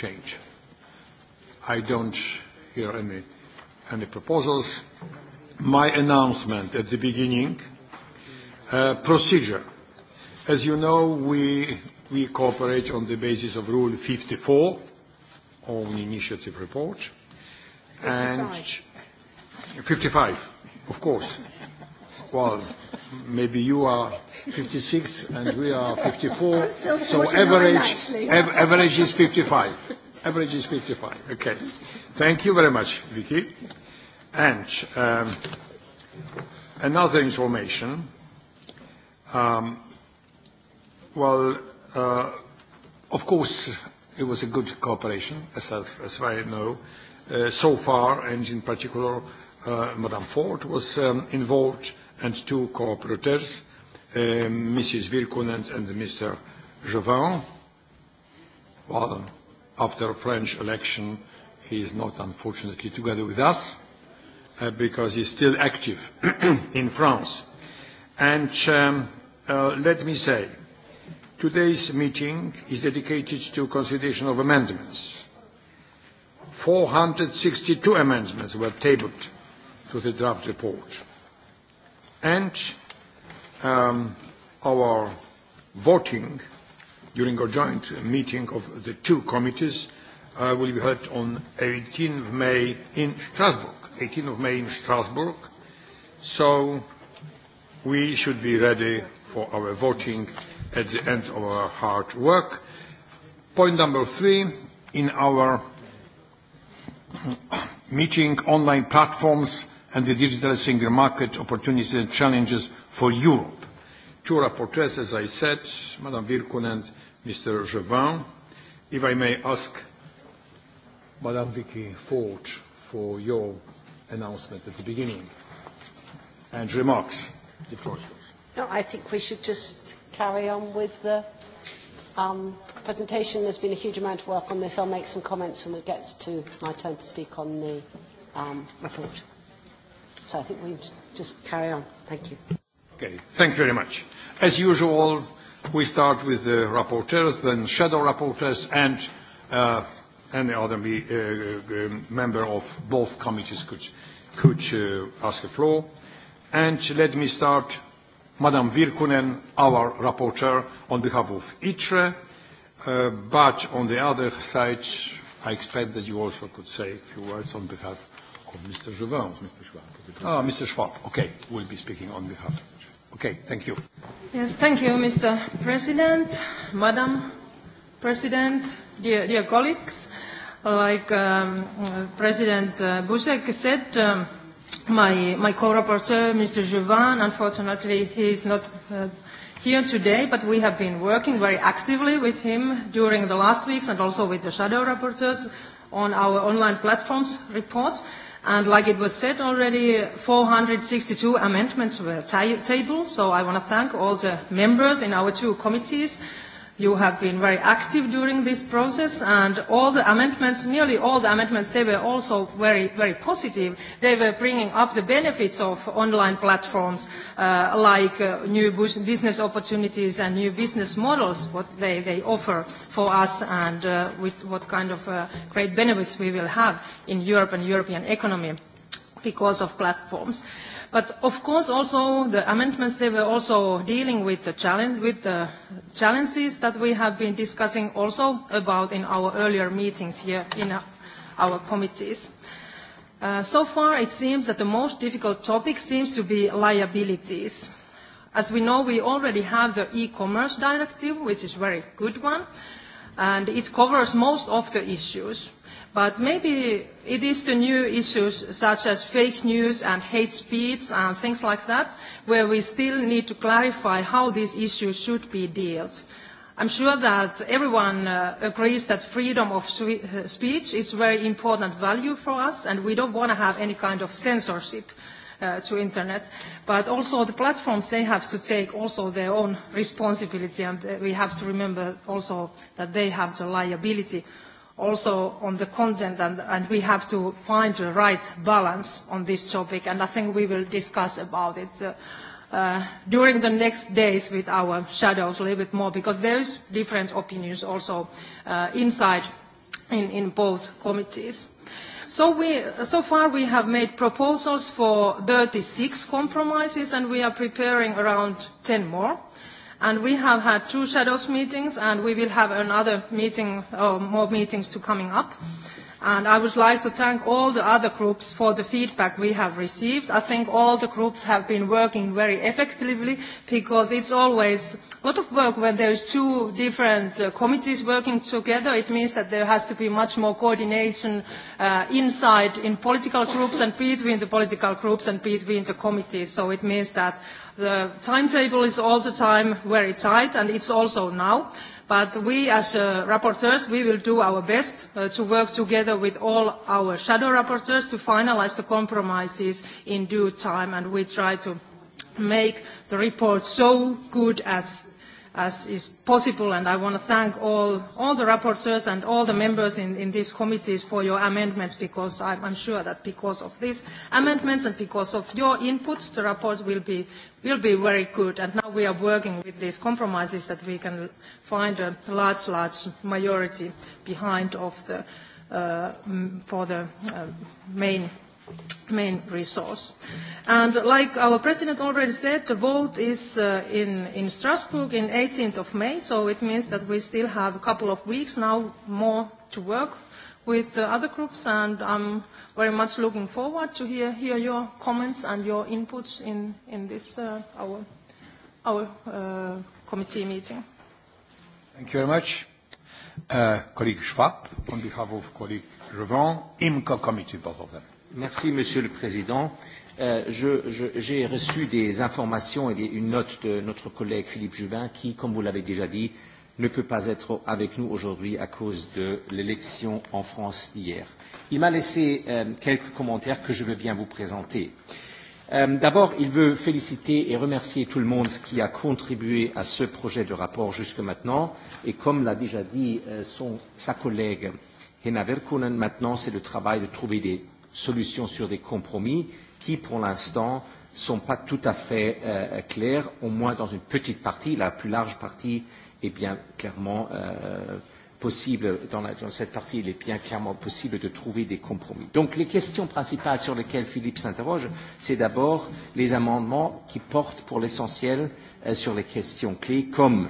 change. I don't hear any, any proposals. My announcement at the beginning, uh, procedure. As you know, we, we cooperate on the basis of Rule 54, own initiative report, and 55, 55 of course. Well, maybe you are 56 and we are 54. so average, av- average is 55. Average is 55. Okay. Thank you very much, Vicky. And um, another information. Um, well, uh, of course, it was a good cooperation, as, as, as I know, uh, so far, and in particular, uh, Madame Ford was um, involved and two co-rapporteurs, uh, Mrs. Vilkunen and Mr. Jovin. Well, after French election, he is not unfortunately together with us uh, because he's still active in France. And um, uh, let me say, today's meeting is dedicated to consideration of amendments. 462 amendments were tabled to the draft report and um, our voting during our joint meeting of the two committees uh, will be held on 18th of May in Strasbourg. 18th of May in Strasbourg. So we should be ready for our voting at the end of our hard work. Point number three, in our meeting online platforms, and the digital single market opportunities and challenges for Europe. Two rapporteurs, as I said, Madame Virkun and Mr. Jevin. If I may ask Madame Vicky Ford for your announcement at the beginning and remarks. The floor is yours. No, I think we should just carry on with the um, presentation. There's been a huge amount of work on this. I'll make some comments when it gets to my turn to speak on the um, report. So I think we just carry on. Thank you. Okay, thank you very much. As usual, we start with the rapporteurs, then shadow rapporteurs, and uh, any other me, uh, um, member of both committees could, could uh, ask the floor. And let me start, Madam Virkunen, our rapporteur, on behalf of ITRE, uh, but on the other side, I expect that you also could say a few words on behalf Or Mr. Jouvin. It's Mr. Schwab. Ah, Mr. Schwab. Okay, will be speaking on behalf. Okay, thank you. Yes, thank you, Mr. President, Madam President, dear, dear colleagues. Like um, uh, President uh, Buzek said, um, my, my co-rapporteur, Mr. Jouvin, unfortunately, he is not uh, here today, but we have been working very actively with him during the last weeks and also with the shadow rapporteurs on our online platforms report. Uh, And like it was said already, 462 amendments were tabled, so I want to thank all the members in our two committees You have been very active during this process, and all the amendments, nearly all the amendments, they were also very, very positive. They were bringing up the benefits of online platforms, uh, like uh, new business opportunities and new business models, what they, they offer for us, and uh, with what kind of uh, great benefits we will have in Europe and European economy because of platforms. Uh, But of course, also the amendments they were also dealing with the challenge with the challenges that we have been discussing also about in our earlier meetings here in our committees. Uh, so far, it seems that the most difficult topic seems to be liabilities. As we know, we already have the e-commerce directive, which is a very good one, and it covers most of the issues. But maybe it is the new issues such as fake news and hate speech and things like that, where we still need to clarify how these issues should be dealt. I'm sure that everyone uh, agrees that freedom of uh, speech is a very important value for us, and we don't want to have any kind of censorship uh, to internet. But also the platforms, they have to take also their own responsibility, and uh, we have to remember also that they have the liability also on the content, and, and we have to find the right balance on this topic, and I think we will discuss about it uh, uh, during the next days with our shadows a little bit more, because there is different opinions also uh, inside in, in both committees. So, we, so far we have made proposals for 36 compromises, and we are preparing around 10 more. And we have had two shadows meetings, and we will have another meeting or uh, more meetings to coming up. And I would like to thank all the other groups for the feedback we have received. I think all the groups have been working very effectively because it's always a lot of work when there's two different uh, committees working together. It means that there has to be much more coordination uh, inside in political groups and between the political groups and between the committees. So it means that the timetable is all the time very tight and it's also now. But we as uh, rapporteurs, we will do our best uh, to work together with all our shadow rapporteurs to finalize the compromises in due time and we try to make the report so good as as is possible. And I want to thank all, all the rapporteurs and all the members in, in these committees for your amendments because I'm, I'm sure that because of these amendments and because of your input, the report will be, will be very good. And now we are working with these compromises that we can find a large, large majority behind of the, uh, for the uh, main main resource. And like our president already said, the vote is uh, in, in Strasbourg in 18th of May, so it means that we still have a couple of weeks now more to work with the other groups, and I'm very much looking forward to hear, hear your comments and your inputs in, in this, uh, our, our uh, committee meeting. Thank you very much. Uh, colleague Schwab, on behalf of colleague Revon, IMCO committee, both of them. Merci, Monsieur le Président. Euh, J'ai reçu des informations et des, une note de notre collègue Philippe Juvin qui, comme vous l'avez déjà dit, ne peut pas être avec nous aujourd'hui à cause de l'élection en France d'hier. Il m'a laissé euh, quelques commentaires que je veux bien vous présenter. Euh, D'abord, il veut féliciter et remercier tout le monde qui a contribué à ce projet de rapport jusque maintenant. Et comme l'a déjà dit euh, son, sa collègue Hena Verkunen, maintenant c'est le travail de trouver des solution sur des compromis qui, pour l'instant, ne sont pas tout à fait euh, clairs, au moins dans une petite partie. La plus large partie est bien clairement euh, possible, dans, la, dans cette partie, il est bien clairement possible de trouver des compromis. Donc les questions principales sur lesquelles Philippe s'interroge, c'est d'abord les amendements qui portent pour l'essentiel euh, sur les questions clés, comme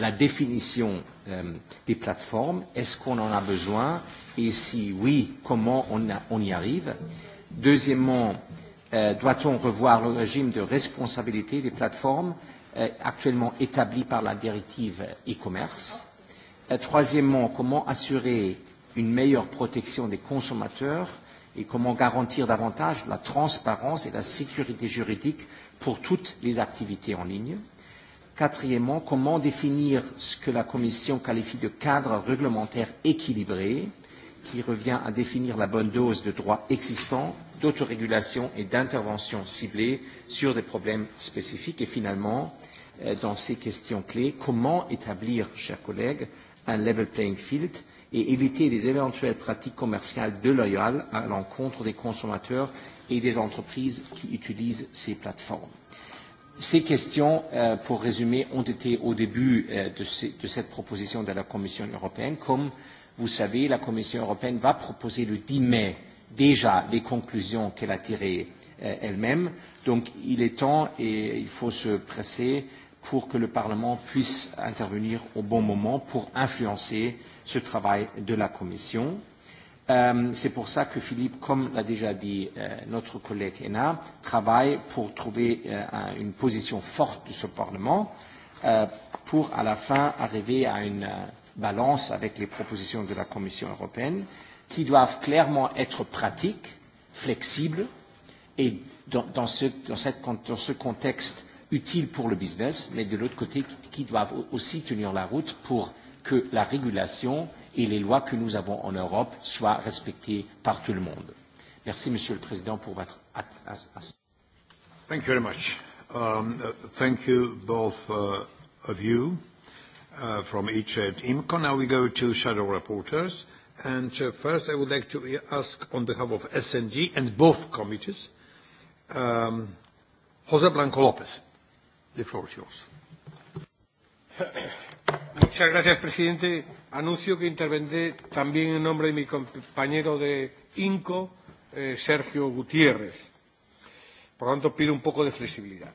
la définition euh, euh, des plateformes. Est-ce qu'on en a besoin Et si oui, comment on, a, on y arrive Deuxièmement, euh, doit-on revoir le régime de responsabilité des plateformes euh, actuellement établi par la directive e-commerce euh, Troisièmement, comment assurer une meilleure protection des consommateurs et comment garantir davantage la transparence et la sécurité juridique pour toutes les activités en ligne euh, Quatrièmement, comment définir ce que la Commission qualifie de cadre réglementaire équilibré, qui revient à définir la bonne dose de droits existants, d'autorégulation et d'intervention ciblée sur des problèmes spécifiques. Et finalement, euh, dans ces questions clés, comment établir, chers collègues, un level playing field et éviter les éventuelles pratiques commerciales déloyales à l'encontre des consommateurs et des entreprises qui utilisent ces plateformes. Ces questions, euh, pour résumer, ont été au début euh, de, ces, de cette proposition de la Commission européenne. Comme vous savez, la Commission européenne va proposer le 10 mai déjà les conclusions qu'elle a tirées euh, elle-même. Donc il est temps et il faut se presser pour que le Parlement puisse intervenir au bon moment pour influencer ce travail de la Commission. Euh, Euh, C'est pour ça que Philippe, comme l'a déjà dit euh, notre collègue Hénin, travaille pour trouver euh, une position forte de ce Parlement euh, pour, à la fin, arriver à une euh, balance avec les propositions de la Commission européenne qui doivent clairement être pratiques, flexibles et dans, dans, ce, dans, cette, dans ce contexte utile pour le business, mais de l'autre côté qui doivent aussi tenir la route pour que la régulation et les lois que nous avons en Europe soient respectées par tout le monde. Merci, Monsieur le Président, pour votre attention. Thank you very much. Um, uh, thank you both uh, of you uh, from each at IMCO. Now we go to shadow reporters. And uh, first, I would like to ask on behalf of SND and both committees, um, José Blanco López. The floor is yours. Muchas gracias, presidente. Anuncio que intervendré también en nombre de mi compañero de INCO, eh, Sergio Gutiérrez. Por lo tanto, pido un poco de flexibilidad.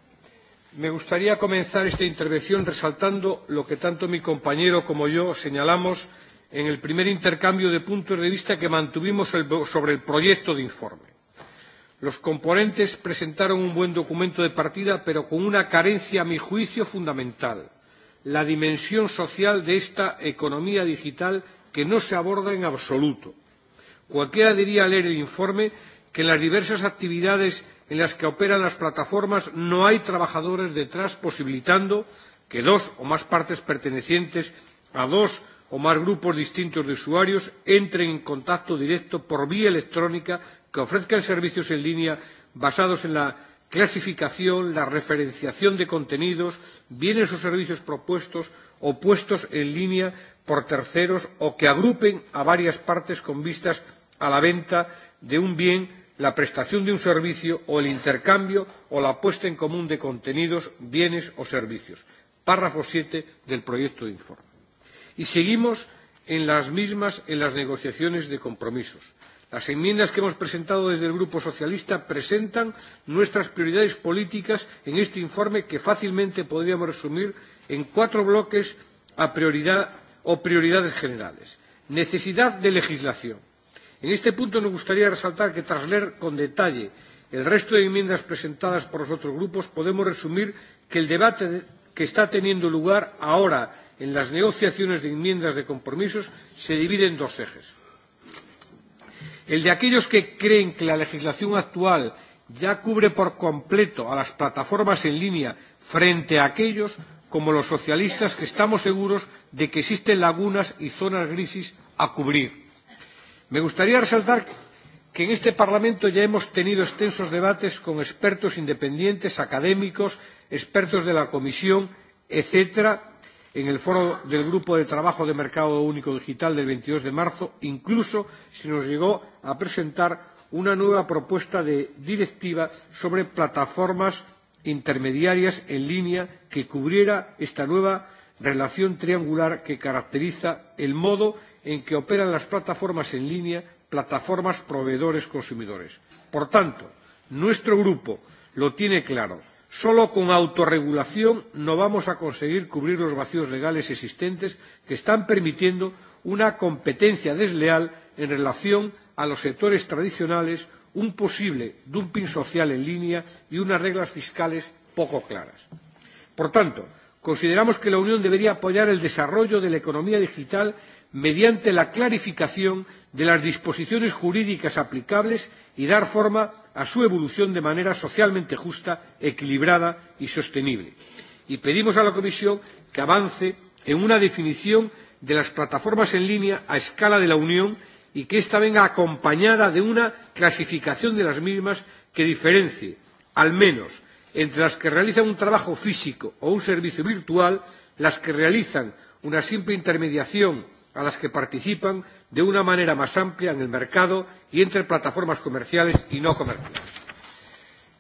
Me gustaría comenzar esta intervención resaltando lo que tanto mi compañero como yo señalamos en el primer intercambio de puntos de vista que mantuvimos el, sobre el proyecto de informe. Los componentes presentaron un buen documento de partida, pero con una carencia, a mi juicio, fundamental – la dimensión social de esta economía digital que no se aborda en absoluto. Cualquiera diría al leer el informe que en las diversas actividades en las que operan las plataformas no hay trabajadores detrás, posibilitando que dos o más partes pertenecientes a dos o más grupos distintos de usuarios entren en contacto directo por vía electrónica, que ofrezcan servicios en línea basados en la clasificación, la referenciación de contenidos, bienes o servicios propuestos o puestos en línea por terceros o que agrupen a varias partes con vistas a la venta de un bien, la prestación de un servicio o el intercambio o la puesta en común de contenidos, bienes o servicios. Párrafo 7 del proyecto de informe. Y seguimos en las mismas en las negociaciones de compromisos Las enmiendas que hemos presentado desde el Grupo Socialista presentan nuestras prioridades políticas en este informe que fácilmente podríamos resumir en cuatro bloques a prioridad o prioridades generales. Necesidad de legislación. En este punto nos gustaría resaltar que tras leer con detalle el resto de enmiendas presentadas por los otros grupos podemos resumir que el debate que está teniendo lugar ahora en las negociaciones de enmiendas de compromisos se divide en dos ejes el de aquellos que creen que la legislación actual ya cubre por completo a las plataformas en línea frente a aquellos como los socialistas que estamos seguros de que existen lagunas y zonas grises a cubrir. Me gustaría resaltar que en este Parlamento ya hemos tenido extensos debates con expertos independientes, académicos, expertos de la Comisión, etcétera, en el foro del Grupo de Trabajo de Mercado Único Digital del 22 de marzo, incluso se nos llegó a presentar una nueva propuesta de directiva sobre plataformas intermediarias en línea que cubriera esta nueva relación triangular que caracteriza el modo en que operan las plataformas en línea, plataformas proveedores consumidores. Por tanto, nuestro grupo lo tiene claro Solo con autorregulación no vamos a conseguir cubrir los vacíos legales existentes que están permitiendo una competencia desleal en relación a los sectores tradicionales, un posible dumping social en línea y unas reglas fiscales poco claras. Por tanto, consideramos que la Unión debería apoyar el desarrollo de la economía digital mediante la clarificación de las disposiciones jurídicas aplicables y dar forma a su evolución de manera socialmente justa, equilibrada y sostenible. Y pedimos a la Comisión que avance en una definición de las plataformas en línea a escala de la Unión y que ésta venga acompañada de una clasificación de las mismas que diferencie, al menos, entre las que realizan un trabajo físico o un servicio virtual, las que realizan una simple intermediación a las que participan de una manera más amplia en el mercado y entre plataformas comerciales y no comerciales.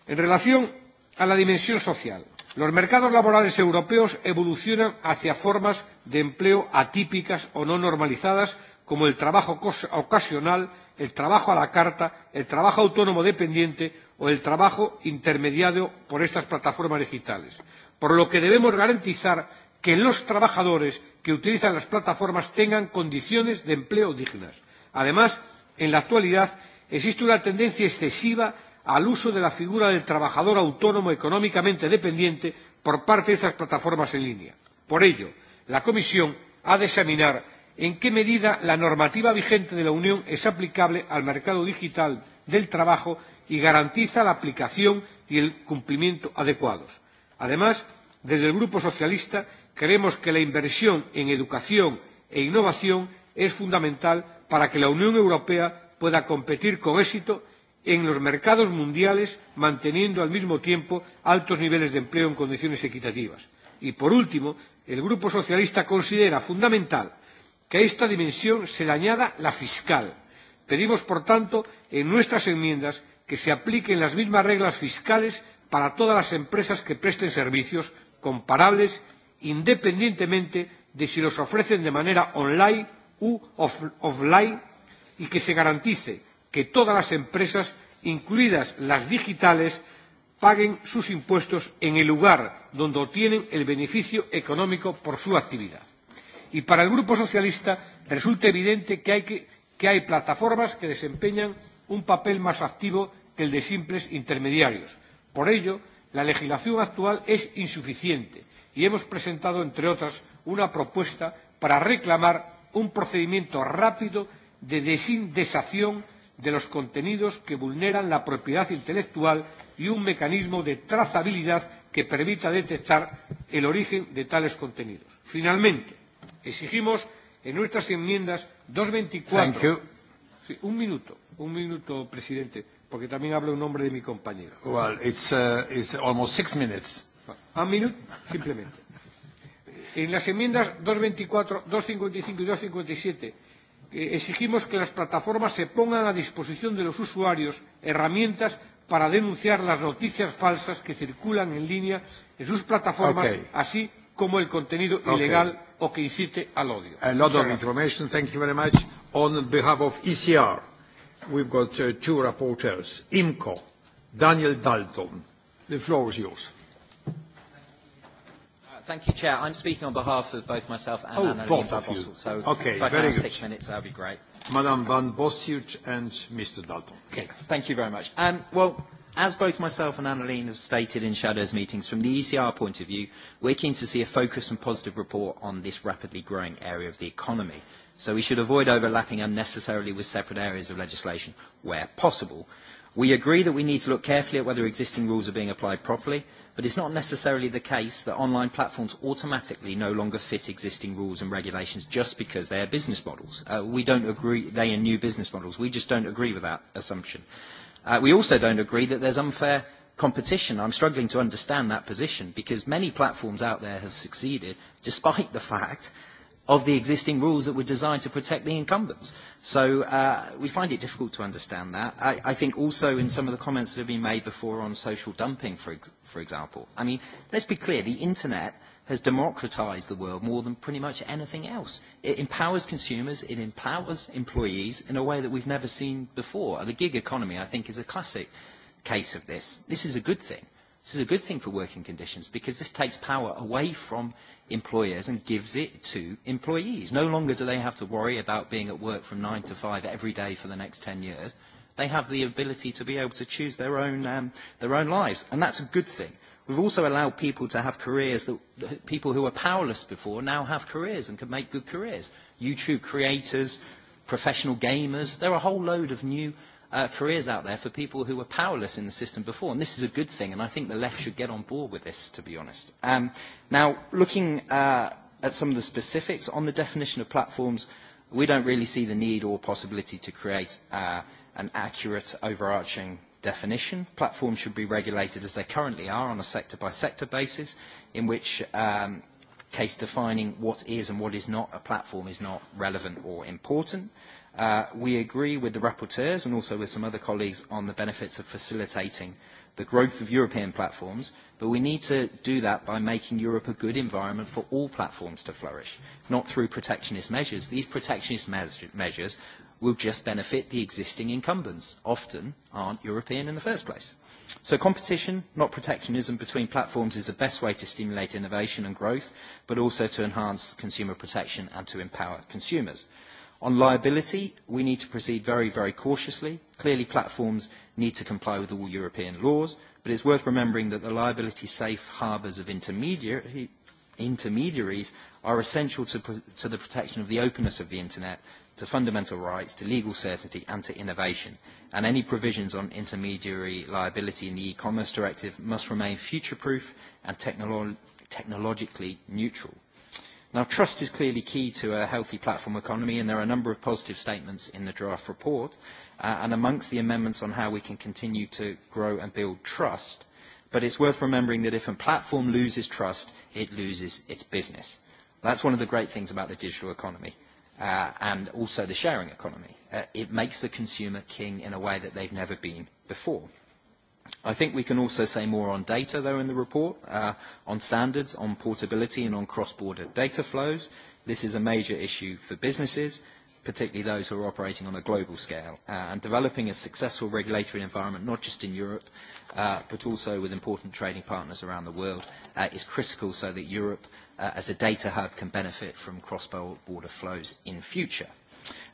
En relación a la dimensión social, los mercados laborales europeos evolucionan hacia formas de empleo atípicas o no normalizadas como el trabajo ocasional, el trabajo a la carta, el trabajo autónomo dependiente o el trabajo intermediado por estas plataformas digitales, por lo que debemos garantizar que los trabajadores que utilizan las plataformas tengan condiciones de empleo dignas. Además, en la actualidad existe una tendencia excesiva al uso de la figura del trabajador autónomo económicamente dependiente por parte de esas plataformas en línea. Por ello, la Comisión ha de examinar en qué medida la normativa vigente de la Unión es aplicable al mercado digital del trabajo y garantiza la aplicación y el cumplimiento adecuados. Además, desde el Grupo Socialista Creemos que la inversión en educación e innovación es fundamental para que la Unión Europea pueda competir con éxito en los mercados mundiales, manteniendo al mismo tiempo altos niveles de empleo en condiciones equitativas. Y, por último, el Grupo Socialista considera fundamental que a esta dimensión se le añada la fiscal. Pedimos, por tanto, en nuestras enmiendas que se apliquen las mismas reglas fiscales para todas las empresas que presten servicios comparables independientemente de si los ofrecen de manera online u off offline y que se garantice que todas las empresas, incluidas las digitales, paguen sus impuestos en el lugar donde obtienen el beneficio económico por su actividad. Y para el Grupo Socialista resulta evidente que hay, que, que hay plataformas que desempeñan un papel más activo que el de simples intermediarios. Por ello, la legislación actual es insuficiente y hemos presentado, entre otras, una propuesta para reclamar un procedimiento rápido de desindexación de los contenidos que vulneran la propiedad intelectual y un mecanismo de trazabilidad que permita detectar el origen de tales contenidos. Finalmente, exigimos en nuestras enmiendas 224. Sí, un minuto, un minuto, presidente, porque también habla un nombre de mi compañero. Well, it's, uh, it's almost six minutes. Un minuto, simplemente. En las enmiendas 224, 255 y 257 eh, exigimos que las plataformas se pongan a disposición de los usuarios herramientas para denunciar las noticias falsas que circulan en línea en sus plataformas, okay. así como el contenido okay. ilegal o que incite al odio. A lot Muchas of gracias. information. Thank you very much. On behalf of ECR, we've got uh, two rapporteurs, IMCO, Daniel Dalton. The floor is yours. Thank you, Chair. I'm speaking on behalf of both myself and oh, Anna both of you. So okay, if I can have six good. minutes, that would be great. Madam Van Bossut and Mr. Dalton. Okay, thank you very much. Um, well, As both myself and Annalene have stated in Shadows meetings, from the ECR point of view, we're keen to see a focused and positive report on this rapidly growing area of the economy. So we should avoid overlapping unnecessarily with separate areas of legislation where possible. We agree that we need to look carefully at whether existing rules are being applied properly but it's not necessarily the case that online platforms automatically no longer fit existing rules and regulations just because they are business models. Uh, we don't agree, they are new business models. We just don't agree with that assumption. Uh, we also don't agree that there's unfair competition. I'm struggling to understand that position because many platforms out there have succeeded despite the fact of the existing rules that were designed to protect the incumbents. So uh, we find it difficult to understand that. I, I think also in some of the comments that have been made before on social dumping, for, ex for example, I mean, let's be clear, the Internet has democratized the world more than pretty much anything else. It empowers consumers, it empowers employees in a way that we've never seen before. The gig economy, I think, is a classic case of this. This is a good thing. This is a good thing for working conditions because this takes power away from employers and gives it to employees. No longer do they have to worry about being at work from 9 to 5 every day for the next 10 years. They have the ability to be able to choose their own, um, their own lives, and that's a good thing. We've also allowed people to have careers that people who were powerless before now have careers and can make good careers. YouTube creators, professional gamers, there are a whole load of new uh, careers out there for people who were powerless in the system before. And this is a good thing, and I think the left should get on board with this, to be honest. Um, now, looking uh, at some of the specifics on the definition of platforms, we don't really see the need or possibility to create uh, an accurate overarching definition. Platforms should be regulated as they currently are on a sector-by-sector -sector basis, in which um, case defining what is and what is not a platform is not relevant or important. Uh, Uh, we agree with the rapporteurs and also with some other colleagues on the benefits of facilitating the growth of European platforms, but we need to do that by making Europe a good environment for all platforms to flourish, not through protectionist measures. These protectionist measures will just benefit the existing incumbents, often aren't European in the first place. So competition, not protectionism, between platforms is the best way to stimulate innovation and growth, but also to enhance consumer protection and to empower consumers. On liability, we need to proceed very, very cautiously. Clearly, platforms need to comply with all European laws, but it's worth remembering that the liability safe harbors of intermediary, intermediaries are essential to, to the protection of the openness of the internet, to fundamental rights, to legal certainty, and to innovation. And any provisions on intermediary liability in the e-commerce directive must remain future-proof and technolo technologically neutral. Now, trust is clearly key to a healthy platform economy, and there are a number of positive statements in the draft report, uh, and amongst the amendments on how we can continue to grow and build trust. But it's worth remembering that if a platform loses trust, it loses its business. That's one of the great things about the digital economy uh, and also the sharing economy. Uh, it makes the consumer king in a way that they've never been before. I think we can also say more on data, though, in the report, uh, on standards, on portability, and on cross-border data flows. This is a major issue for businesses, particularly those who are operating on a global scale, uh, and developing a successful regulatory environment, not just in Europe, uh, but also with important trading partners around the world, uh, is critical so that Europe, uh, as a data hub, can benefit from cross-border flows in future.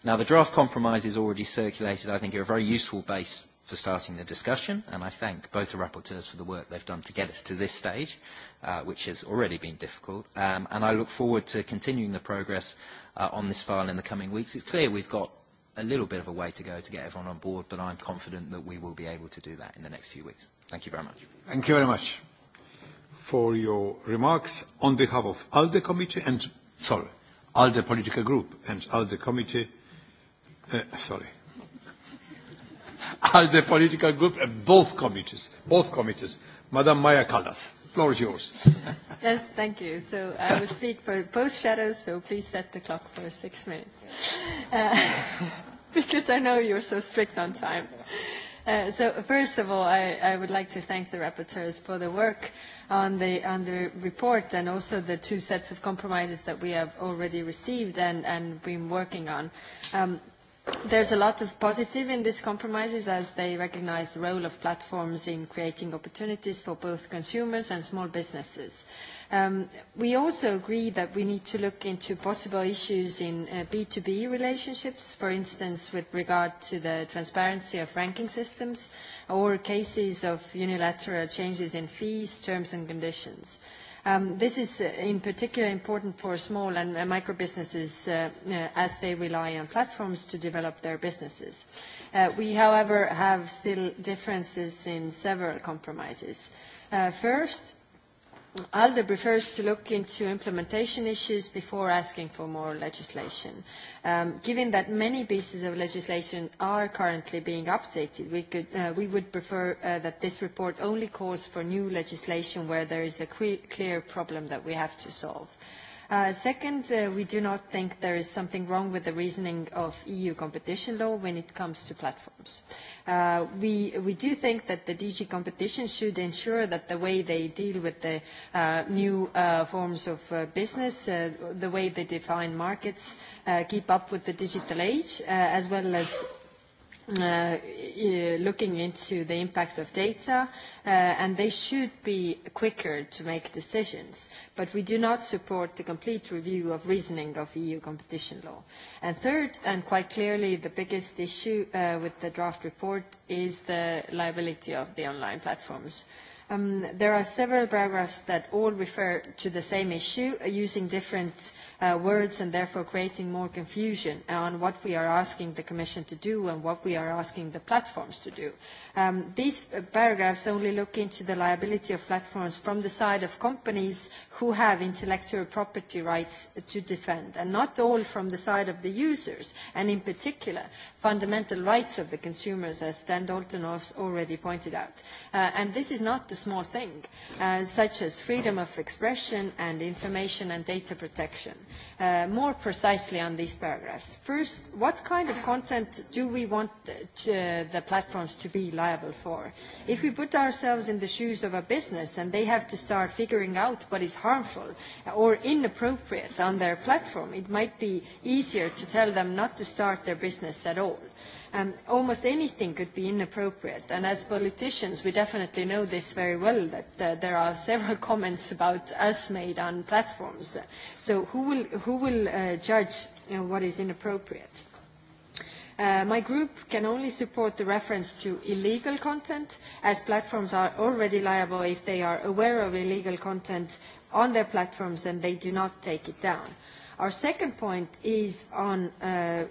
Now, the draft compromise is already circulated. I think are a very useful base for starting the discussion, and I thank both the rapporteurs for the work they've done to get us to this stage, uh, which has already been difficult. Um, and I look forward to continuing the progress uh, on this file in the coming weeks. It's clear we've got a little bit of a way to go to get everyone on board, but I'm confident that we will be able to do that in the next few weeks. Thank you very much. Thank you very much for your remarks on behalf of ALDE Committee and, sorry, ALDE Political Group and ALDE Committee, uh, sorry, ALDE political group and both committees, both committees. Madam Maya Callas, floor is yours. yes, thank you. So I will speak for both shadows, so please set the clock for six minutes. Uh, because I know you're so strict on time. Uh, so first of all, I, I would like to thank the rapporteurs for the work on the, on the report and also the two sets of compromises that we have already received and, and been working on. Um, There's a lot of positive in these compromises as they recognize the role of platforms in creating opportunities for both consumers and small businesses. Um, we also agree that we need to look into possible issues in uh, B2B relationships, for instance, with regard to the transparency of ranking systems or cases of unilateral changes in fees, terms and conditions. Um, this is uh, in particular important for small and uh, micro businesses uh, uh, as they rely on platforms to develop their businesses. Uh, we, however, have still differences in several compromises. Uh, first, ALDE prefers to look into implementation issues before asking for more legislation. Um, given that many pieces of legislation are currently being updated, we, could, uh, we would prefer uh, that this report only calls for new legislation where there is a clear problem that we have to solve. Uh, Uh, second, uh, we do not think there is something wrong with the reasoning of EU competition law when it comes to platforms. Uh, we, we do think that the DG competition should ensure that the way they deal with the uh, new uh, forms of uh, business, the way they define markets, keep up with the digital age, as well as uh, looking into the impact of data, uh, and they should be quicker to make decisions. But we do not support the complete review of reasoning of EU competition law. And third, and quite clearly the biggest issue uh, with the draft report is the liability of the online platforms. Um, there are several paragraphs that all refer to the same issue uh, using different uh, uh, words and therefore creating more confusion on what we are asking the Commission to do and what we are asking the platforms to do. Um, these paragraphs only look into the liability of platforms from the side of companies who have intellectual property rights to defend and not all from the side of the users and in particular fundamental rights of the consumers, as Dan Dalton has already pointed out. Uh, and this is not a small thing, uh, such as freedom of expression and information and data protection. Uh, more precisely on these paragraphs. First, what kind of content do we want to, uh, the platforms to be liable for? If we put ourselves in the shoes of a business and they have to start figuring out what is harmful or inappropriate on their platform, it might be easier to tell them not to start their business at all um, almost anything could be inappropriate. And as politicians, we definitely know this very well, that uh, there are several comments about us made on platforms. So who will, who will uh, judge you know, what is inappropriate? Uh, my group can only support the reference to illegal content, as platforms are already liable if they are aware of illegal content on their platforms and they do not take it down. Our second point is on uh,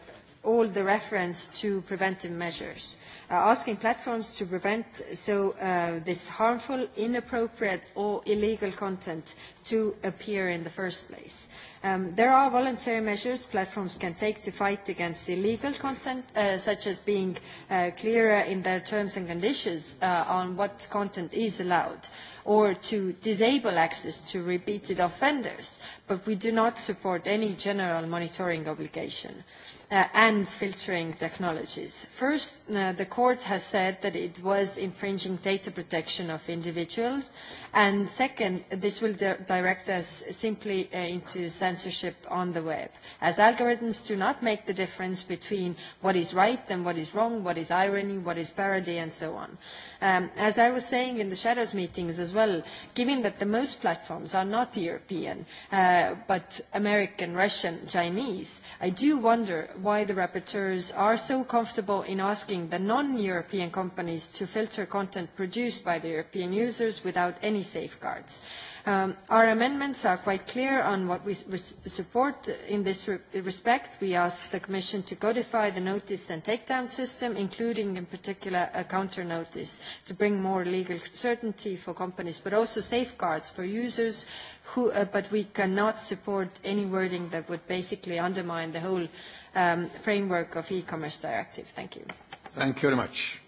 all the reference to preventive measures, uh, asking platforms to prevent so uh, this harmful, inappropriate or illegal content to appear in the first place. Um, there are voluntary measures platforms can take to fight against illegal content, uh, such as being uh, clearer in their terms and conditions uh, on what content is allowed or to disable access to repeated offenders, but we do not support any general monitoring obligation. Uh, uh, and filtering technologies. First, uh, the court has said that it was infringing data protection of individuals, and second, this will di direct us simply uh, into censorship on the web, as algorithms do not make the difference between what is right and what is wrong, what is irony, what is parody, and so on. Um, as I was saying in the shadows meetings as well, given that the most platforms are not European, uh, but American, Russian, Chinese, I do wonder why the rapporteurs are so comfortable in asking the non-European companies to filter content produced by the European users without any safeguards. Uh, Um, our amendments are quite clear on what we support in this re respect. We ask the Commission to codify the notice and takedown system, including in particular a counter notice, to bring more legal certainty for companies, but also safeguards for users, who, uh, but we cannot support any wording that would basically undermine the whole um, framework of e-commerce directive. Thank you. Thank you very much.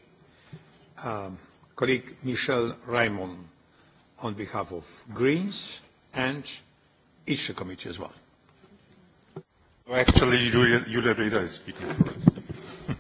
Um, colleague Michel Raymond on behalf of Greens and ISHA committee as well. Actually, Julia, Julia Reda is speaking for us.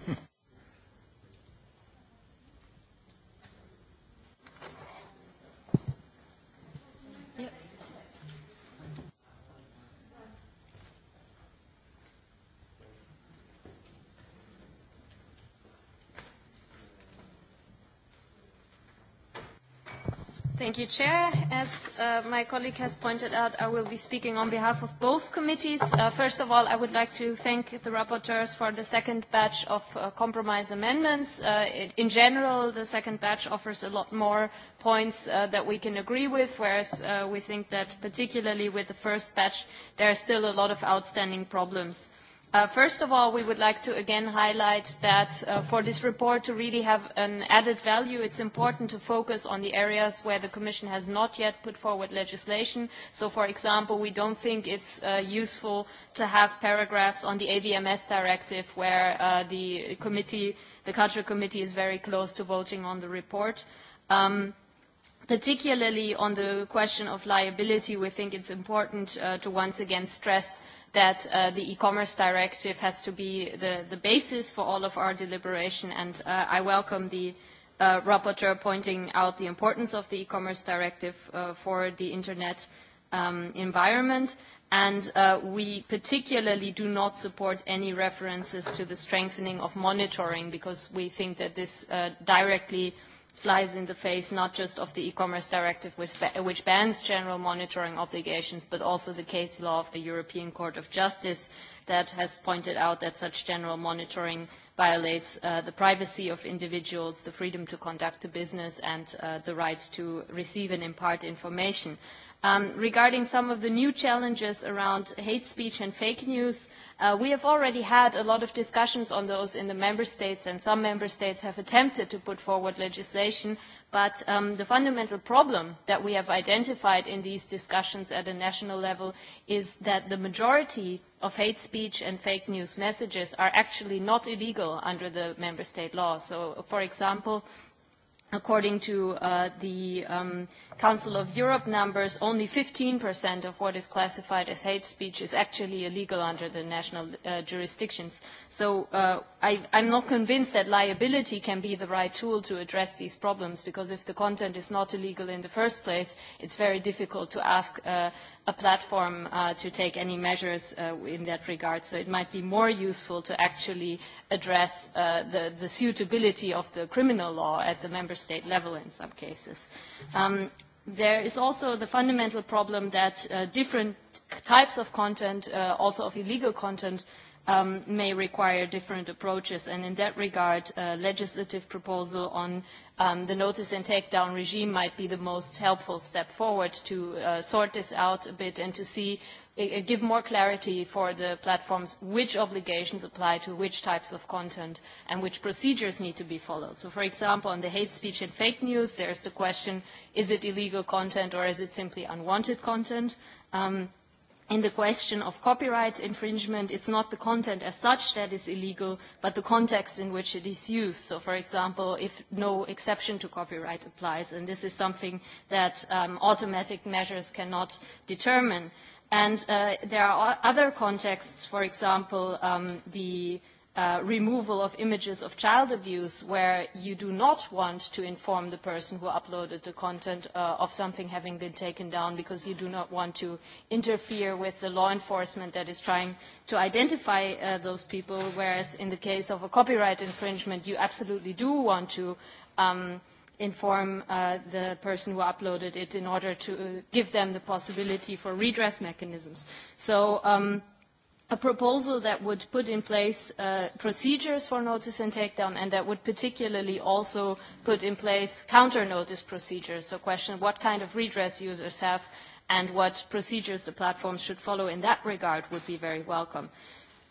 Thank you, Chair. As uh, my colleague has pointed out, I will be speaking on behalf of both committees. Uh, first of all, I would like to thank the rapporteurs for the second batch of uh, compromise amendments. Uh, it, in general, the second batch offers a lot more points uh, that we can agree with, whereas uh, we think that particularly with the first batch, there are still a lot of outstanding problems. Uh, Uh, first of all, we would like to again highlight that uh, for this report to really have an added value, it's important to focus on the areas where the Commission has not yet put forward legislation. So, for example, we don't think it's uh, useful to have paragraphs on the AVMS directive where uh, the committee, the Culture Committee is very close to voting on the report. Um, Particularly on the question of liability, we think it's important uh, to once again stress that uh, the e-commerce directive has to be the, the basis for all of our deliberation, and uh, I welcome the uh, rapporteur pointing out the importance of the e-commerce directive uh, for the Internet um, environment. And uh, we particularly do not support any references to the strengthening of monitoring because we think that this uh, directly uh, flies in the face not just of the e-commerce directive which bans general monitoring obligations but also the case law of the European Court of Justice that has pointed out that such general monitoring violates uh, the privacy of individuals, the freedom to conduct a business and uh, the right to receive and impart information. Uh, Um, regarding some of the new challenges around hate speech and fake news, uh, we have already had a lot of discussions on those in the member states, and some member states have attempted to put forward legislation, but um, the fundamental problem that we have identified in these discussions at a national level is that the majority of hate speech and fake news messages are actually not illegal under the member state law. So, for example, according to uh, the um, Council of Europe numbers, only 15% of what is classified as hate speech is actually illegal under the national uh, jurisdictions. So uh, I, I'm not convinced that liability can be the right tool to address these problems, because if the content is not illegal in the first place, it's very difficult to ask uh, a platform uh, to take any measures uh, in that regard. So it might be more useful to actually address uh, the, the suitability of the criminal law at the member state level in some cases. Um, there is also the fundamental problem that uh, different types of content, uh, also of illegal content, uh, um, may require different approaches. And in that regard, a legislative proposal on um, the notice and takedown regime might be the most helpful step forward to uh, sort this out a bit and to see uh, uh give more clarity for the platforms which obligations apply to which types of content and which procedures need to be followed. So for example, on the hate speech and fake news, there's the question, is it illegal content or is it simply unwanted content? Um, in the question of copyright infringement, it's not the content as such that is illegal, but the context in which it is used. So, for example, if no exception to copyright applies, and this is something that um, automatic measures cannot determine. And uh, there are other contexts, for example, um, the uh, removal of images of child abuse where you do not want to inform the person who uploaded the content uh, of something having been taken down because you do not want to interfere with the law enforcement that is trying to identify uh, those people, whereas in the case of a copyright infringement, you absolutely do want to um, inform uh, the person who uploaded it in order to uh, give them the possibility for redress mechanisms. So um, – a proposal that would put in place uh, procedures for notice and takedown and that would particularly also put in place counter-notice procedures, so question what kind of redress users have and what procedures the platform should follow in that regard would be very welcome.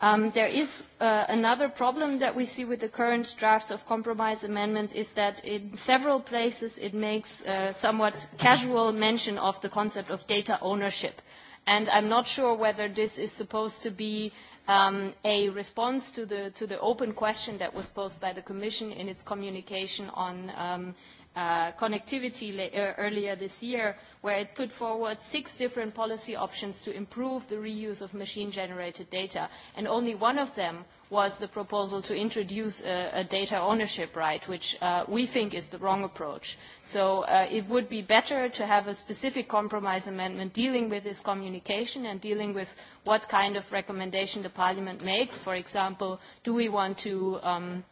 Um, there is uh, another problem that we see with the current drafts of compromise amendments is that in several places it makes uh, somewhat casual mention of the concept of data ownership And I'm not sure whether this is supposed to be um, a response to the, to the open question that was posed by the Commission in its communication on um, uh, connectivity later, uh, earlier this year, where it put forward six different policy options to improve the reuse of machine-generated data, and only one of them was the proposal to introduce a, a data ownership right, which uh, we think is the wrong approach. So uh, it would be better to have a specific compromise amendment dealing with this communication and dealing with what kind of recommendation the Parliament makes. For example, do we want to um,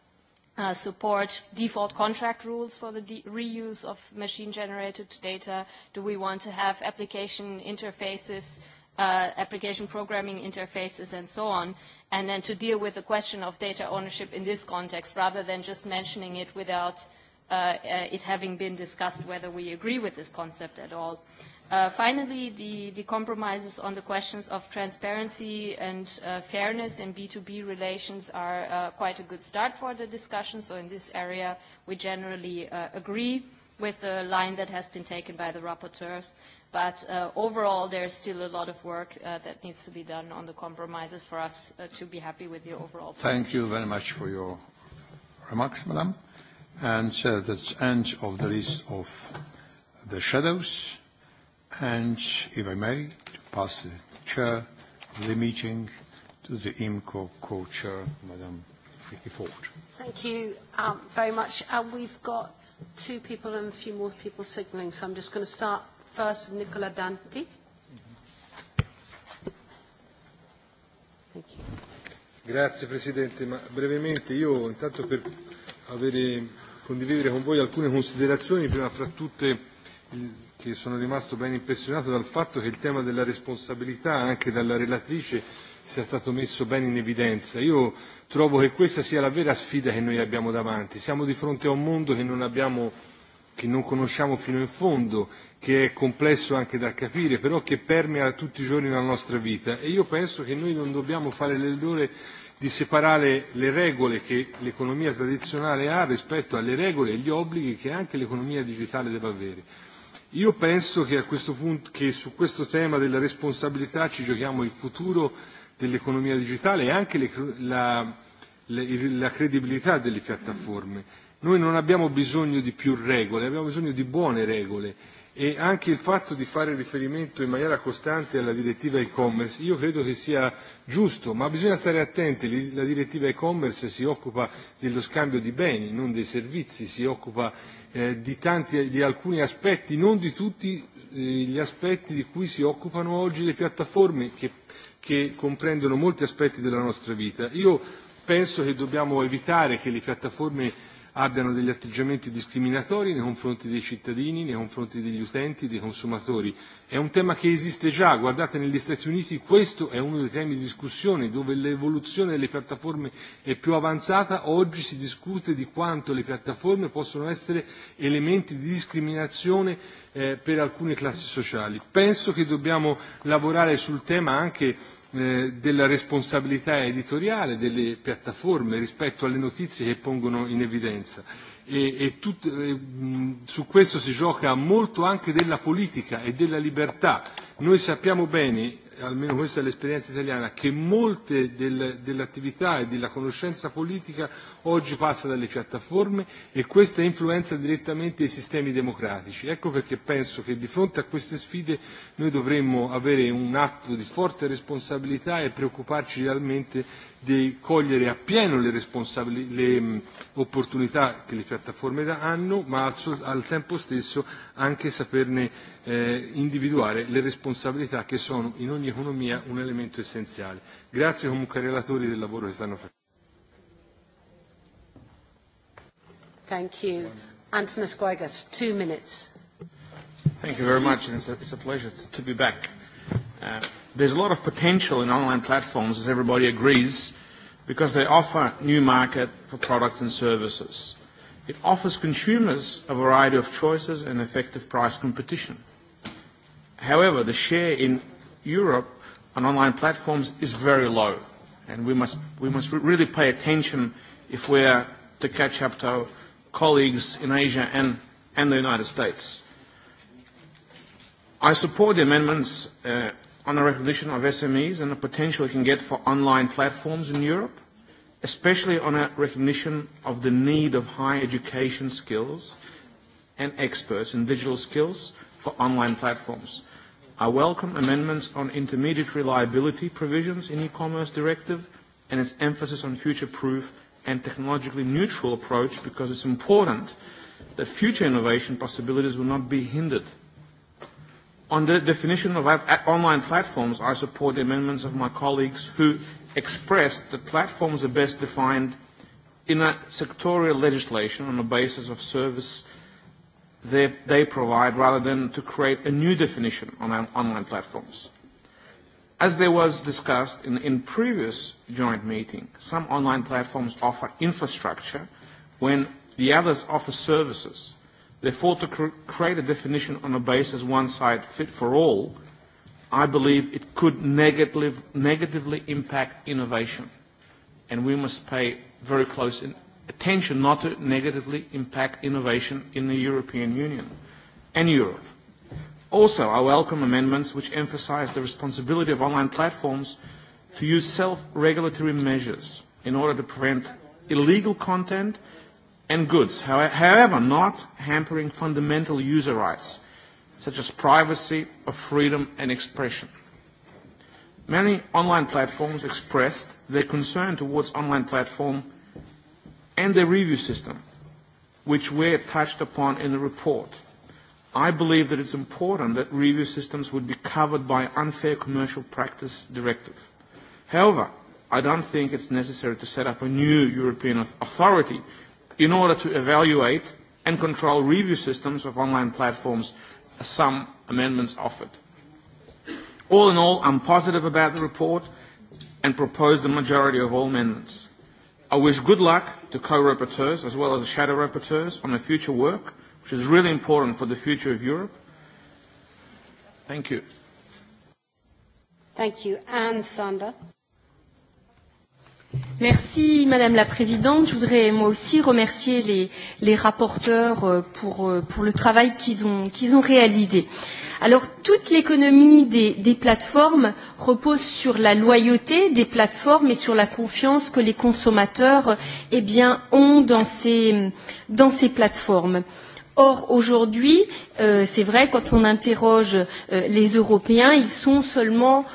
uh, support default contract rules for the de reuse of machine-generated data? Do we want to have application interfaces uh, uh, application programming interfaces and so on, and then to deal with the question of data ownership in this context rather than just mentioning it without uh, uh, it having been discussed whether we agree with this concept at all. Uh, finally, the, the compromises on the questions of transparency and uh, fairness in B2B relations are uh, quite a good start for the discussion, so in this area we generally uh, agree. Uh, with the line that has been taken by the rapporteurs. But uh, overall, there's still a lot of work uh, that needs to be done on the compromises for us uh, to be happy with the overall. Plan. Thank you very much for your remarks, Madam. And uh, that's end of the list of the shadows. And if I may, to pass the chair of the meeting to the IMCO co-chair, Madam Ford. Thank you um, very much. And uh, we've got two people and a few more people signaling, so I'm just going to start first with Nicola Danti. Thank you. Grazie Presidente, ma brevemente io intanto per avere, condividere con voi alcune considerazioni, prima fra tutte il, che sono rimasto ben impressionato dal fatto che il tema della responsabilità anche dalla relatrice sia stato messo bene in evidenza. Io trovo che questa sia la vera sfida che noi abbiamo davanti. Siamo di fronte a un mondo che non, abbiamo, che non conosciamo fino in fondo, che è complesso anche da capire, però che permea tutti i giorni la nostra vita. E io penso che noi non dobbiamo fare l'errore di separare le regole che l'economia tradizionale ha rispetto alle regole e agli obblighi che anche l'economia digitale deve avere. Io penso che, a questo punto, che su questo tema della responsabilità ci giochiamo il futuro dell'economia digitale e anche le, la, le, la credibilità delle piattaforme. Noi non abbiamo bisogno di più regole, abbiamo bisogno di buone regole e anche il fatto di fare riferimento in maniera costante alla direttiva e-commerce io credo che sia giusto, ma bisogna stare attenti, la direttiva e-commerce si occupa dello scambio di beni, non dei servizi, si occupa eh, di, tanti, di alcuni aspetti, non di tutti eh, gli aspetti di cui si occupano oggi le piattaforme che che comprendono molti aspetti della nostra vita. Io penso che dobbiamo evitare che le piattaforme abbiano degli atteggiamenti discriminatori nei confronti dei cittadini, nei confronti degli utenti, dei consumatori. È un tema che esiste già, guardate negli Stati Uniti questo è uno dei temi di discussione dove l'evoluzione delle piattaforme è più avanzata, oggi si discute di quanto le piattaforme possono essere elementi di discriminazione eh, per alcune classi sociali. Penso che dobbiamo lavorare sul tema anche eh, della responsabilità editoriale delle piattaforme rispetto alle notizie che pongono in evidenza e, e tut, eh, mh, su questo si gioca molto anche della politica e della libertà Noi sappiamo bene, almeno questa è l'esperienza italiana, che molte del, dell'attività e della conoscenza politica oggi passa dalle piattaforme e questa influenza direttamente i sistemi democratici. Ecco perché penso che di fronte a queste sfide noi dovremmo avere un atto di forte responsabilità e preoccuparci realmente di cogliere appieno le, responsabili- le mh, mm, opportunità che le piattaforme hanno, ma al, so- al tempo stesso anche saperne eh, individuare le responsabilità che sono in ogni economia un elemento essenziale. Grazie comunque ai relatori del lavoro che stanno facendo. Thank you. Antonis Guigas, two minutes. Thank you very much, and it's a, it's a pleasure to be back. Uh, There's a lot of potential in online platforms, as everybody agrees, because they offer new market for products and services. It offers consumers a variety of choices and effective price competition. However, the share in Europe on online platforms is very low, and we must, we must really pay attention if we're to catch up to our colleagues in Asia and, and the United States. I support the amendments uh, on the recognition of SMEs and the potential it can get for online platforms in Europe, especially on a recognition of the need of high education skills and experts in digital skills for online platforms. I welcome amendments on intermediate reliability provisions in e-commerce directive and its emphasis on future-proof and technologically neutral approach because it's important that future innovation possibilities will not be hindered On the definition of online platforms, I support the amendments of my colleagues who expressed that platforms are best defined in a sectorial legislation on the basis of service they, they provide rather than to create a new definition on online platforms. As there was discussed in, in previous joint meeting, some online platforms offer infrastructure when the others offer services. Therefore, to cr- create a definition on a basis one size fit for all, I believe it could negative, negatively impact innovation. And we must pay very close in, attention not to negatively impact innovation in the European Union and Europe. Also, I welcome amendments which emphasize the responsibility of online platforms to use self-regulatory measures in order to prevent illegal content and goods, however not hampering fundamental user rights, such as privacy or freedom and expression. Many online platforms expressed their concern towards online platform and their review system, which were touched upon in the report. I believe that it's important that review systems would be covered by Unfair Commercial Practice Directive. However, I don't think it's necessary to set up a new European authority in order to evaluate and control review systems of online platforms, as some amendments offered. All in all, I'm positive about the report and propose the majority of all amendments. I wish good luck to co-rapporteurs as well as the shadow rapporteurs on their future work, which is really important for the future of Europe. Thank you. Thank you. Anne Sander. Merci Madame la Présidente. Je voudrais moi aussi remercier les, les rapporteurs euh, pour, euh, pour le travail qu'ils ont, qu'ils ont réalisé. Alors toute l'économie des, des plateformes repose sur la loyauté des plateformes et sur la confiance que les consommateurs eh bien, ont dans ces, dans ces plateformes. Or, aujourd'hui, euh, c'est vrai, quand on interroge euh, les Européens, ils sont seulement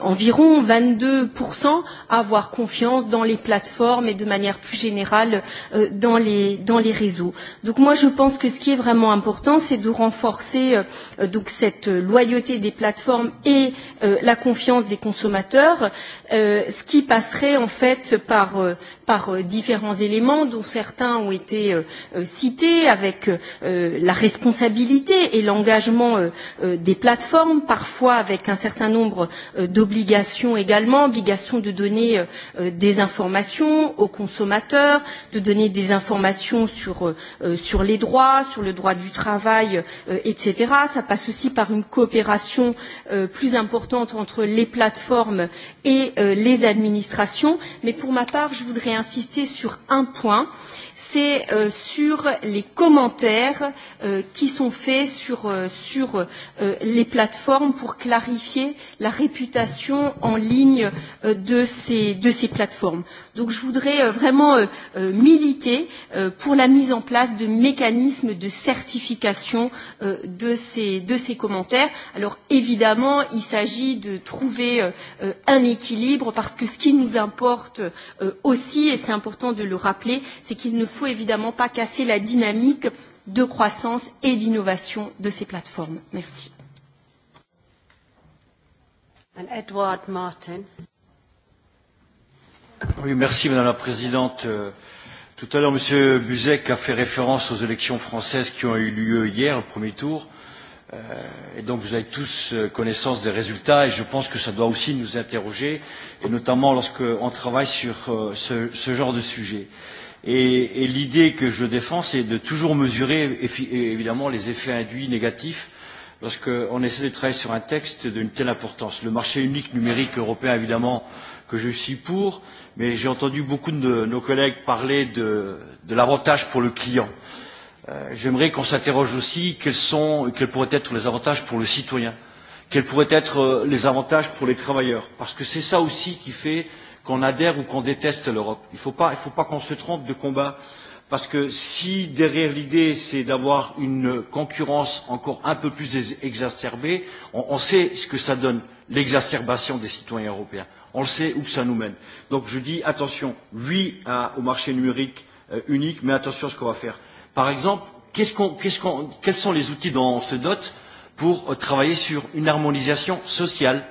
environ 22% à avoir confiance dans les plateformes et de manière plus générale euh, dans, les, dans les réseaux. Donc moi je pense que ce qui est vraiment important c'est de renforcer euh, donc cette loyauté des plateformes et euh, la confiance des consommateurs, euh, ce qui passerait en fait par euh, par euh, différents éléments dont certains ont été euh, euh cités avec euh, euh, la responsabilité et l'engagement euh, euh, des plateformes, parfois avec un certain nombre euh, d'obligations également, obligation de donner euh, euh, des informations aux consommateurs, de donner des informations sur, euh, sur les droits, sur le droit du travail, euh, etc. Ça passe aussi par une coopération euh, plus importante entre les plateformes et euh, les administrations. Mais pour ma part, je voudrais voudrais insister sur un point. Euh, c'est euh, sur les commentaires euh, qui sont faits sur, euh, sur euh, les plateformes pour clarifier la réputation en ligne euh, de, ces, de ces plateformes. Donc je voudrais euh, vraiment euh, euh, militer euh, pour la mise en place de mécanismes de certification euh, de, ces, de ces commentaires. Alors évidemment, il s'agit de trouver euh, euh un équilibre parce que ce qui nous importe euh, aussi, et c'est important de le rappeler, c'est qu'il ne faut surtout évidemment pas casser la dynamique de croissance et d'innovation de ces plateformes. Merci. And Edward Martin. Oui, merci Madame la Présidente. Euh, tout à l'heure, Monsieur Buzek a fait référence aux élections françaises qui ont eu lieu hier, au premier tour. Euh, et donc vous avez tous euh, connaissance des résultats et je pense que ça doit aussi nous interroger, et notamment lorsqu'on travaille sur ce, ce genre de sujet. Euh, Et, et l'idée que je défends, c'est de toujours mesurer évidemment les effets induits négatifs lorsqu'on essaie de travailler sur un texte d'une telle importance. Le marché unique numérique européen, évidemment, que je suis pour, mais j'ai entendu beaucoup de nos collègues parler de, de l'avantage pour le client. Euh, J'aimerais qu'on s'interroge aussi quels, sont, quels pourraient être les avantages pour le citoyen, quels pourraient être euh, les avantages pour les travailleurs, parce que c'est ça aussi qui fait euh, qu'on adhère ou qu'on déteste l'Europe. Il ne faut pas, pas qu'on se trompe de combat. Parce que si derrière l'idée c'est d'avoir une concurrence encore un peu plus exacerbée, on, on sait ce que ça donne, l'exacerbation des citoyens européens. On le sait où ça nous mène. Donc je dis attention, oui à, au marché numérique euh, unique, mais attention à ce qu'on va faire. Par exemple, qu'est-ce qu'on, qu'est-ce qu'on, quels sont les outils dont on se dote pour euh, travailler sur une harmonisation sociale,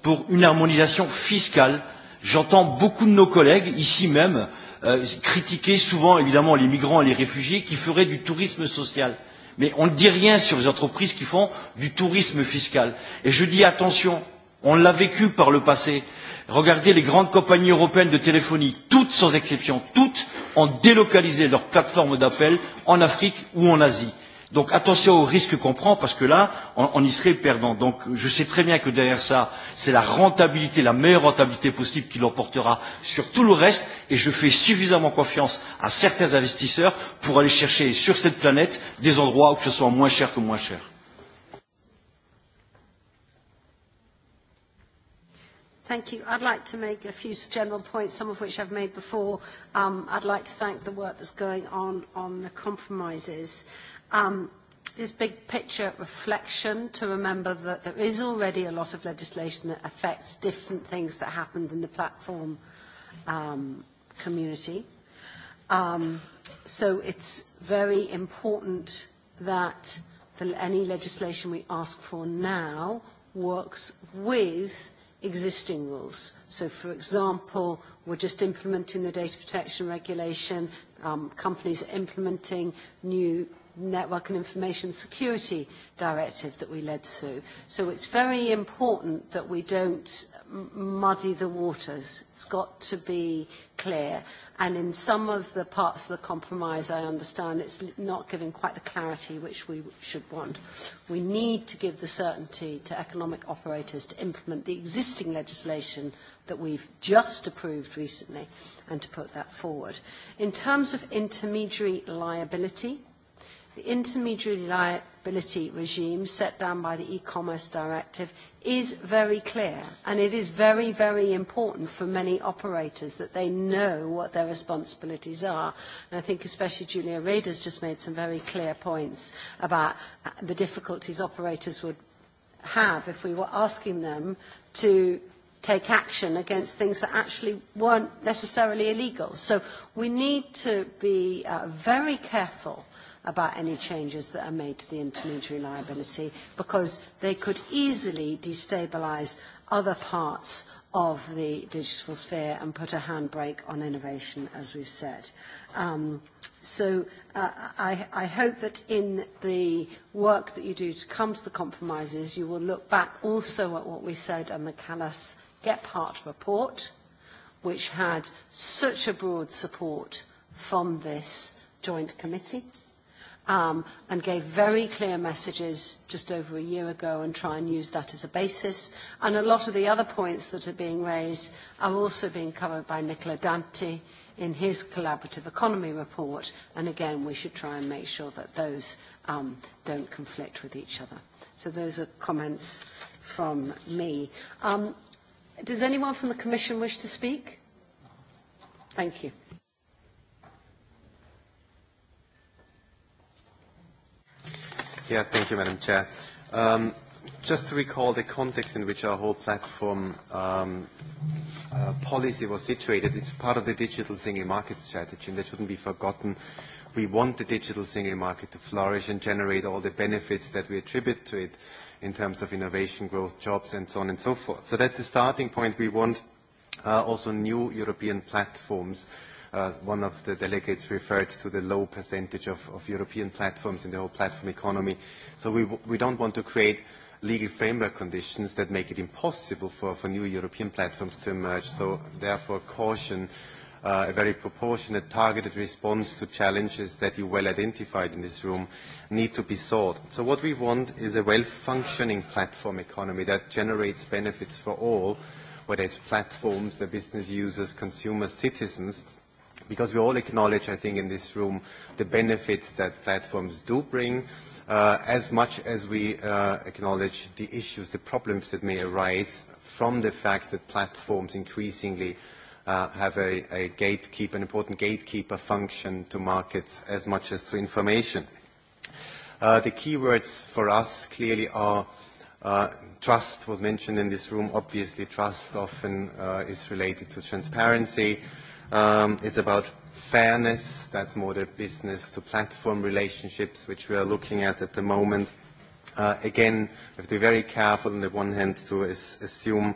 pour une harmonisation fiscale, euh, J'entends beaucoup de nos collègues, ici même, euh, critiquer souvent, évidemment, les migrants et les réfugiés qui feraient du tourisme social. Mais on ne dit rien sur les entreprises qui font du tourisme fiscal. Et je dis attention, on l'a vécu par le passé. Regardez les grandes compagnies européennes de téléphonie, toutes sans exception, toutes ont délocalisé leurs plateformes d'appel en Afrique ou en Asie. Donc attention aux risques qu'on prend parce que là, on, on y serait perdant. Donc je sais très bien que derrière ça, c'est la rentabilité, la meilleure rentabilité possible qui l'emportera sur tout le reste et je fais suffisamment confiance à certains investisseurs pour aller chercher sur cette planète des endroits où ce soit moins cher que moins cher. Thank you. I'd like to make a few general points, some of which I've made before. Um, I'd like to thank the work that's going on on the compromises um, this big picture reflection to remember that there is already a lot of legislation that affects different things that happened in the platform um, community. Um, so it's very important that the, any legislation we ask for now works with existing rules. So, for example, we're just implementing the data protection regulation. Um, companies are implementing new Network and Information Security Directive that we led through. So it's very important that we don't muddy the waters. It's got to be clear. And in some of the parts of the compromise, I understand it's not giving quite the clarity which we should want. We need to give the certainty to economic operators to implement the existing legislation that we've just approved recently and to put that forward. In terms of intermediary liability, The intermediary liability regime set down by the e-commerce directive is very clear, and it is very, very important for many operators that they know what their responsibilities are. And I think especially Julia Rader's just made some very clear points about the difficulties operators would have if we were asking them to take action against things that actually weren't necessarily illegal. So we need to be uh, very careful uh, about any changes that are made to the intermediary liability because they could easily destabilise other parts of the digital sphere and put a handbrake on innovation, as we've said. Um, so uh, I, I hope that in the work that you do to come to the compromises, you will look back also at what we said on the Callas Gephardt report, which had such a broad support from this joint committee um, and gave very clear messages just over a year ago and try and use that as a basis. And a lot of the other points that are being raised are also being covered by Nicola Dante in his collaborative economy report. And again, we should try and make sure that those um, don't conflict with each other. So those are comments from me. Um, does anyone from the Commission wish to speak? Thank you. Yeah, thank you, Madam Chair. Um, just to recall the context in which our whole platform um, uh, policy was situated, it's part of the digital single market strategy, and that shouldn't be forgotten. We want the digital single market to flourish and generate all the benefits that we attribute to it in terms of innovation, growth, jobs, and so on and so forth. So that's the starting point. We want uh, also new European platforms uh, uh, one of the delegates referred to the low percentage of, of European platforms in the whole platform economy. So we, we don't want to create legal framework conditions that make it impossible for, for new European platforms to emerge. So therefore caution uh, a very proportionate targeted response to challenges that you well identified in this room need to be sought. So what we want is a well-functioning platform economy that generates benefits for all, whether it's platforms, the business users, consumers, citizens, because we all acknowledge, I think, in this room, the benefits that platforms do bring, uh, as much as we uh, acknowledge the issues, the problems that may arise from the fact that platforms increasingly uh, have a, a gatekeeper, an important gatekeeper function to markets as much as to information. Uh, the keywords for us clearly are uh, trust was mentioned in this room. Obviously, trust often uh, is related to transparency. Uh, Um, it's about fairness, that's more the business to platform relationships, which we are looking at at the moment. Uh, again, we have to be very careful on the one hand to as assume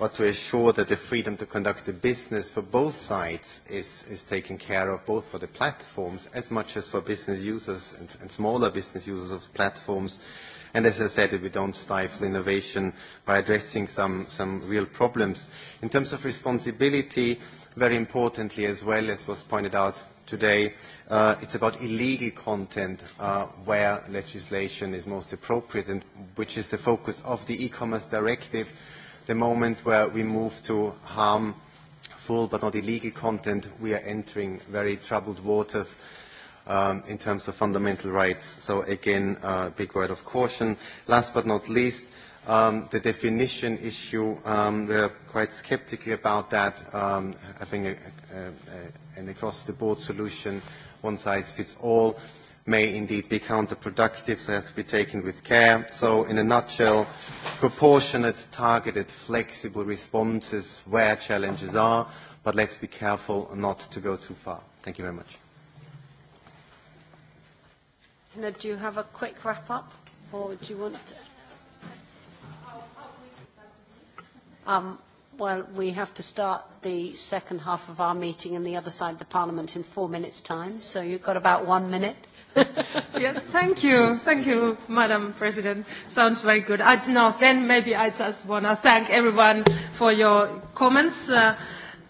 or to assure that the freedom to conduct the business for both sides is, is taken care of, both for the platforms as much as for business users and, and smaller business users of platforms. And as I said, we don't stifle innovation by addressing some, some real problems. In terms of responsibility, uh, very importantly as well, as was pointed out today, uh, it's about illegal content uh, where legislation is most appropriate, and which is the focus of the e-commerce directive, the moment where we move to harm full but not illegal content, we are entering very troubled waters um, in terms of fundamental rights. So again, a uh, big word of caution. Last but not least, um, the definition issue, um, we're quite skeptical about that, um, having a, a, a, an across-the-board solution, one size fits all, may indeed be counterproductive, so it has to be taken with care. So in a nutshell, proportionate, targeted, flexible responses where challenges are, but let's be careful not to go too far. Thank you very much. Now, do you have a quick wrap-up, or do you want Um, well, we have to start the second half of our meeting on the other side of the Parliament in four minutes' time, so you've got about one minute. yes, thank you. Thank you, Madam President. Sounds very good. I, no, then maybe I just want to thank everyone for your comments. Uh,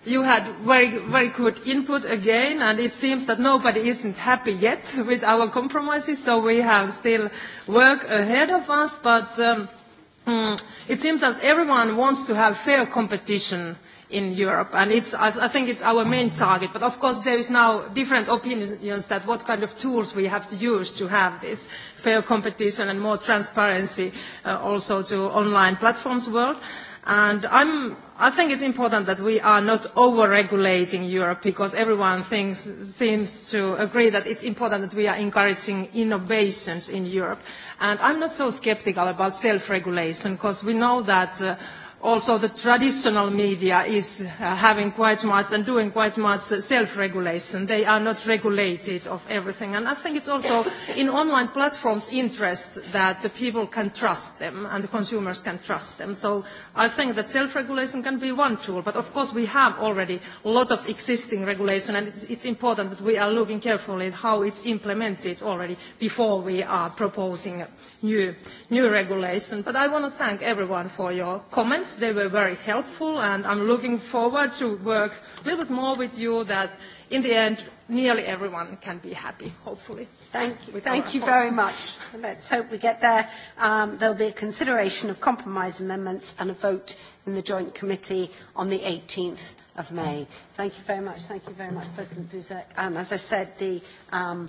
you had very, very good input again, and it seems that nobody isn't happy yet with our compromises, so we have still work ahead of us, but um, – Mm, it seems that everyone wants to have fair competition in Europe, and it's, I, I think it's our main target. But of course, there is now different opinions that what kind of tools we have to use to have this fair competition and more transparency uh, also to online platforms world. Well. And I'm, I think it's important that we are not over-regulating Europe because everyone thinks, seems to agree that it's important that we are encouraging innovations in Europe. And I'm not so skeptical about self-regulation because we know that uh, also the traditional media is uh, having quite much and doing quite much uh, self-regulation. They are not regulated of everything. And I think it's also in online platforms' interest that the people can trust them and the consumers can trust them. So I think that self-regulation can be one tool. But of course we have already a lot of existing regulation and it's, it's important that we are looking carefully at how it's implemented already before we are proposing new, new regulation. But I want to thank everyone for your comments comments. They were very helpful, and I'm looking forward to work a little bit more with you that in the end, nearly everyone can be happy, hopefully. Thank you. Thank you reports. very much. Let's hope we get there. Um, there'll be a consideration of compromise amendments and a vote in the joint committee on the 18th of May. Thank you very much. Thank you very much, President Buzek. And as I said, the, um,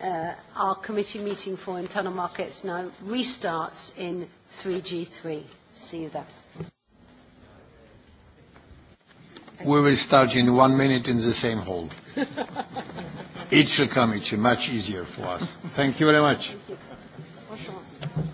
uh, our committee meeting for internal markets now restarts in 3G3. See you there. We will start in one minute in the same hall. it shall come, it's much easier for us. Thank you very much. Bonne chance.